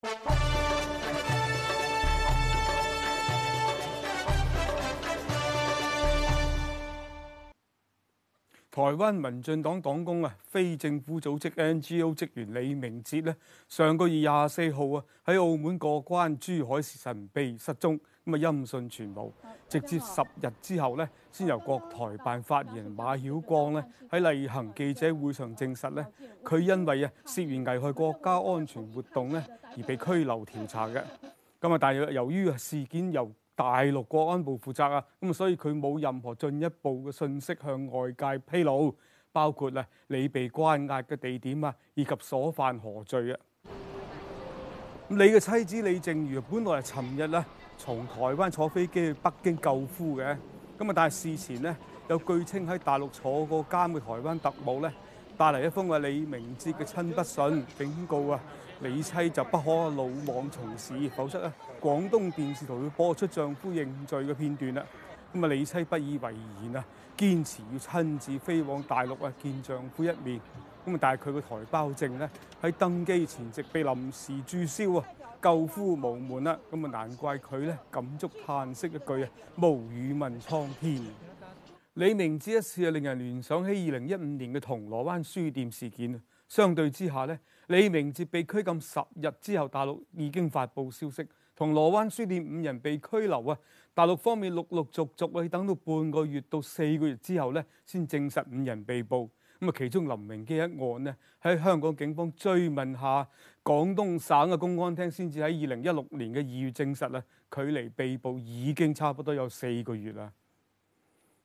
台灣民進黨黨工啊，非政府組織 NGO 職員李明哲咧，上個月廿四號啊喺澳門過關珠海時神秘失蹤。咁啊，音訊全無，直至十日之後咧，先由國台辦發言人馬曉光咧喺例行記者會上證實咧，佢因為啊涉嫌危害國家安全活動咧而被拘留調查嘅。咁啊，但由於事件由大陸國安部負責啊，咁所以佢冇任何進一步嘅信息向外界披露，包括啊你被關押嘅地點啊以及所犯何罪啊。你嘅妻子李靜如本來係尋日啊，從台灣坐飛機去北京救夫嘅，咁啊，但係事前呢，有據稱喺大陸坐個監坐過監嘅台灣特務呢，帶嚟一封啊李明哲嘅親筆信，警告啊李妻就不可魯莽從事，否則咧廣東電視台會播出丈夫認罪嘅片段啦。咁啊，李妻不以為然啊，堅持要親自飛往大陸啊見丈夫一面。咁啊，但係佢嘅台胞證呢，喺登機前夕被臨時註銷啊！救夫無門啦，咁啊難怪佢咧感觸嘆息一句啊，無語問蒼天。李明哲一事啊，令人聯想起二零一五年嘅銅鑼灣書店事件啊。相對之下呢，李明哲被拘禁十日之後，大陸已經發布消息，銅鑼灣書店五人被拘留啊。大陸方面陸陸續續啊，等到半個月到四個月之後呢，先證實五人被捕。咁啊，其中林明基一案呢，喺香港警方追問下，廣東省嘅公安廳先至喺二零一六年嘅二月證實，呢，距離被捕已經差不多有四個月啦。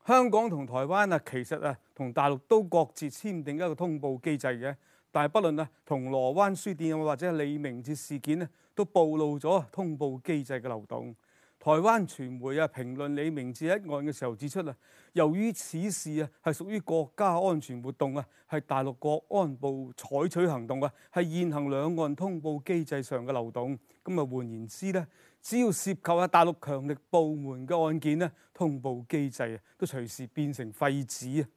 香港同台灣啊，其實啊，同大陸都各自簽訂一個通報機制嘅，但係不論啊，銅鑼灣書店或者係李明哲事件呢，都暴露咗通報機制嘅漏洞。台灣傳媒啊，評論李明哲一案嘅時候指出啊，由於此事啊係屬於國家安全活動啊，係大陸國安部採取行動啊，係現行兩岸通報機制上嘅漏洞。咁啊，換言之咧，只要涉及喺大陸強力部門嘅案件咧，通報機制都隨時變成廢紙啊！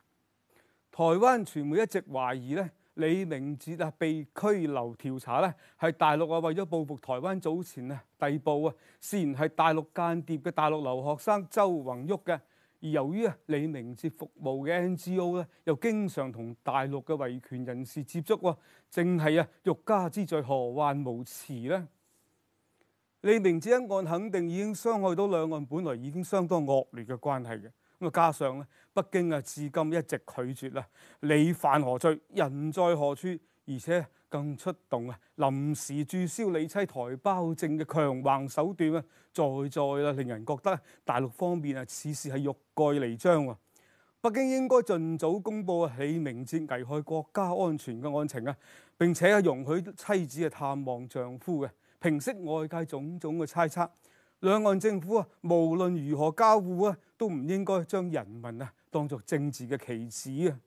台灣傳媒一直懷疑咧，李明哲啊被拘留調查咧，係大陸啊為咗報復台灣早前啊逮捕啊，涉嫌係大陸間諜嘅大陸留學生周宏旭嘅。而由於啊李明哲服務嘅 NGO 咧，又經常同大陸嘅維權人士接觸，淨係啊欲加之罪何患無辭咧？李明哲一案肯定已經傷害到兩岸本來已經相當惡劣嘅關係嘅。咁啊，加上咧，北京啊，至今一直拒絕啦，李犯何罪，人在何處，而且更出動啊，臨時註銷李妻台胞證嘅強橫手段啊，在在啦，令人覺得大陸方面啊，此事係欲蓋彌彰喎。北京應該盡早公佈李明哲危害國家安全嘅案情啊，並且啊，容許妻子嘅探望丈夫嘅，平息外界種種嘅猜測。兩岸政府啊，無論如何交惡啊，都唔應該將人民啊，當作政治嘅棋子啊。